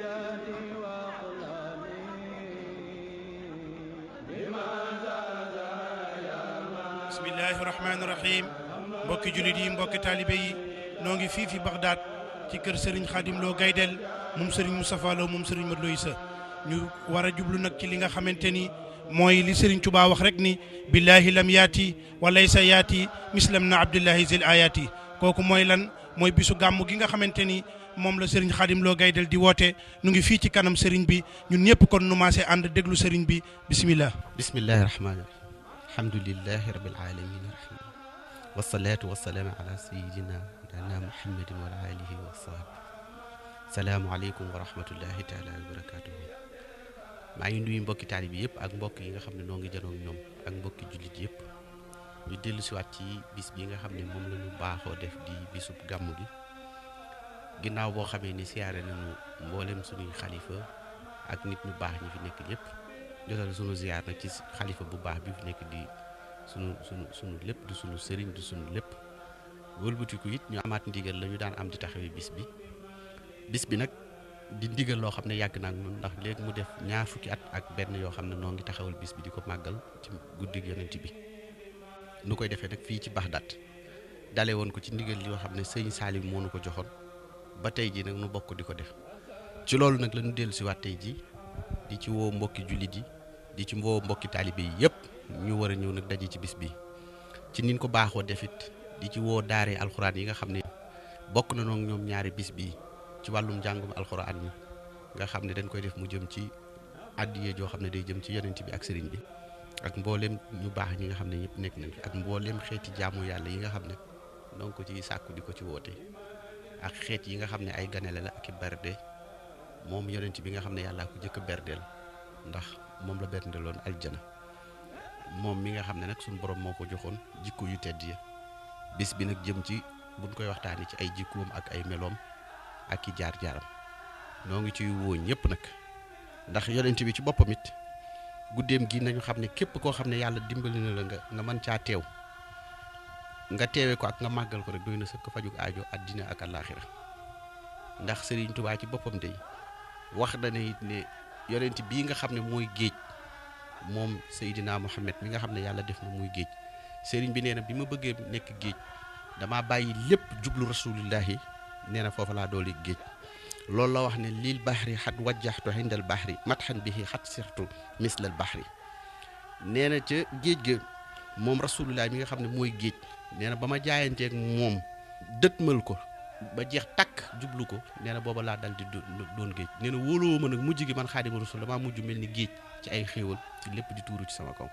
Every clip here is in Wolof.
وثيابي وأقلامي بما زاد يا بسم الله الرحمن الرحيم mbokki jullit yi mbokki taalibe yi noo ngi fii fi Bagdad ci kër Serigne Khadim Lo Gaydel moom Serigne Moustapha Lo moom Serigne Modou Lo Issa ñu war a jublu nag ci li nga xamante ni mooy li Serigne Touba wax rek ni billahi lam yaati walaysa yaati mislam na abdillahi zil ayaati kooku mooy lan mooy bisu gàmm gi nga xamante ni mom la Serigne Khadim Lo Gaydel di wote ñu ngi fi ci kanam Serigne bi ñun ñëpp kon nu maasee ànd déglu Serigne bi bismillah bismillahir rahmanir rahim alhamdulillah rabbil aalamiin rahmaan wasalaatu wasalaam ala sayyidina dana muhammadin wa alihi wa sahbihi salam alaykum wa rahmatullahi taala wa barakatuh ma ngi nuyu mbokki talib yëpp ak mbokk yi nga xamne no ngi janoog ñom ak mbokki julit yëpp ñu delu ci wat ci bis bi nga xamne mom moom la ñu baaxoo def di bisub gamu gi ginnaaw boo xamee ni siyaare nañu mboolem suñuy xalifa ak nit ñu baax ñi fi nekk yëpp jotal suñu ziyaar nag ci xalifa bu baax bi nekk di sunu sunu sunu lépp du sunu sëriñ du sunu lépp wëlbatiku it ñu amaat ndigal la ñu daan am di taxawee bis bis bi nag di ndigal loo xam ne yàgg naa ak ndax léegi mu def ñaar fukki at ak benn yoo xam ne noo ngi taxawal bis bi di ko màggal ci guddig yonent bi nu koy defee nag fii ci Baxdaat dale woon ko ci ndigal yoo xam ne sëñ Salim moo nu ko joxoon ba tey jii nag nu bokk di ko def ci loolu nag lañu ñu dellu si tey jii di ci woo mbokki jullit yi di ci woo mbokki taalibe yi yëpp ñu war a ñëw nag daje ci bis bi ci nin ko baaxoo defit di ci woo daaree alxuraan yi nga xam ne bokk na noog ñoom ñaari bis bii ci wàllum njàngum alxuraan yi nga xam ne dañ koy def mu jëm ci àddiyee joo xam ne day jëm ci yonent bi ak sëriñ bi ak mbooleem ñu baax ñi nga xam ne ñëpp nekk nañ ak mbooleem xeeti jaamu yàlla yi nga xam ne donc ko ci sàkku di ko ci woote ak xeet yi nga xam ne ay ganale la ak i berde moom yonent bi nga xam ne yàllaa ko jëkk a berdeel ndax moom la berdeeloon aljana moom mi nga xam ne nag suñu borom moo ko joxoon jikko yu tedd yi bis bi nag jëm ci buñ koy waxtaanee ci ay jikkoom ak ay meloom ak i jaar-jaaram noo ngi ciy woo ñëpp nag ndax yonent bi ci boppam it guddeem gi nañu xam ne képp koo xam ne yàlla dimbali na la nga nga mën caa teew. nga téwé ko ak nga magal ko rek doyna sa ko fajuk aajo adina ak àllaaxira ndax Serigne Touba ci bopam day wax na ne ne yonent bi nga xamné moy géej mom sayidina Mohamed mi nga xamné yàlla def na moy géej Serigne bi nee bima bi nek géej dama bàyyi lépp jublu rasulullah nee fofu la doli géej loolu la wax ne lil bahri xat wajjaxtu indal bahri matxan bihi hat sirtu misl al bahri nee ci ca géej ga mom rasulullah mi nga xamne moy geej neena bama na ak mom deutmal ko ba jeex tak djublu ko neena na la dal di doon geej neena na ma nak mujj gi man khadim rasulullah ma mujj melni geej ci ay xewal ci lepp di touru ci sama kaw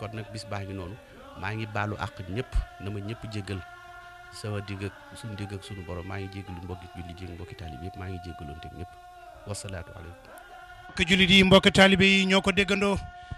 kon nak bis baangi nonu ma ngi Nyep, ak ñepp na ñepp ñëpp jéggal sama Sunu ak suñu dig ak suñu borom ma ngi jéggalu mbokki julli jéeg mbokk talib yépp ma ngi jéggaloonte ñëpp wasalaatu aleykum mbokki jullit yi mbokk taalibe yi ñoko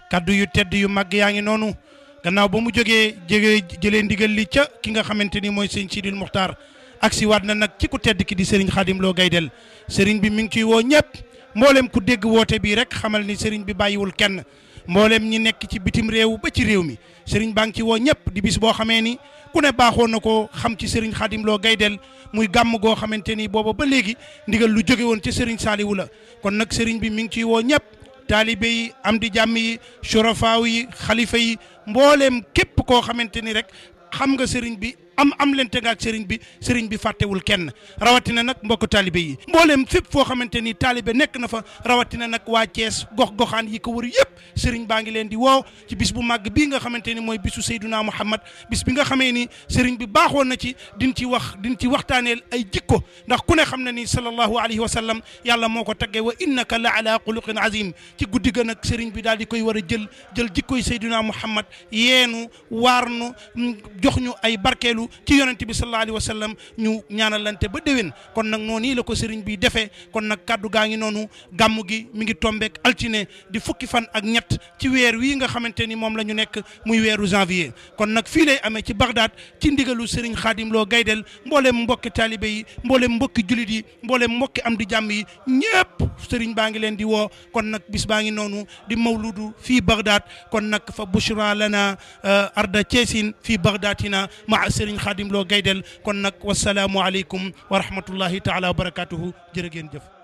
kaddu yu tedd yu mag yaangi nonu gannaaw ba mu jógee jege jëlee ndigal li ca ki nga xamante ni mooy sëñ Sidil Muxtaar ak si waat na nag ci ku tedd ki di sëriñ Xaadim Lo Gaydel sëriñ bi mi ngi ciy woo ñëpp mboolem ku dégg woote bii rek xamal ni sëriñ bi bàyyiwul kenn mboolem ñi nekk ci bitim réew ba ci réew mi sëriñ baa ci woo ñëpp di bis boo xamee ni ku ne baaxoo na ko xam ci sëriñ Xaadim Lo Gaydel muy gàmm goo xamante ni booba ba léegi ndigal lu jóge woon ca sëriñ Saaliwu la kon nag sëriñ bi mi ngi ciy woo ñëpp taalibe yi am di jàmm yi surafaaw yi xalifa yi mbooleem képp koo xamante ni rek xam nga sëriñ bi am am leen te nga sëriñ bi sëriñ bi fàttewul kenn rawatina nag mbokk taalibe yi mbooleem fépp foo xamante ni taalibe nekk na fa rawatina nag waa Cees gox goxaan yi ko war yëpp sëriñ baa ngi leen di woo ci bis bu màgg bii nga xamante ni mooy bisu Seyduna Muhammad bis bi nga xamee ni sëriñ bi baaxoon na ci din ci wax din ci waxtaaneel ay jikko ndax ku ne xam na ni sallallahu alayhi wa sallam yàlla moo ko taggee wa innaka la ala xuluqin azim ci guddi ga nag sëriñ bi daal di koy war a jël jël jikkoy Seyduna Muhammad yeenu waar nu jox ay barkeelu jublu ci yonent bi sallallahu alayhi wa sallam ñu ñaanalante ba déwén kon nag noonu la ko sëriñ bi defee kon nag kaddu gaa ngi noonu gàmm gi mi ngi tombeek altine di fukki fan ak ñett ci weer wii nga xamante ni moom lañu nekk muy weeru janvier kon nag fii lay amee ci Bagdad ci ndigalu sëriñ Xaadim Lo Gaydel mboolem mbokki taalibe yi mboolem mbokki julit yi mboolem mbokki am di jàmm yi ñëpp sëriñ baa ngi leen di woo kon nag bis baa ngi noonu di mawludu fii Bagdad kon nag fa bushra lana euh, arda Ceesin fii خادم لو غايدل كون نك والسلام عليكم ورحمه الله تعالى وبركاته جيرغن جيف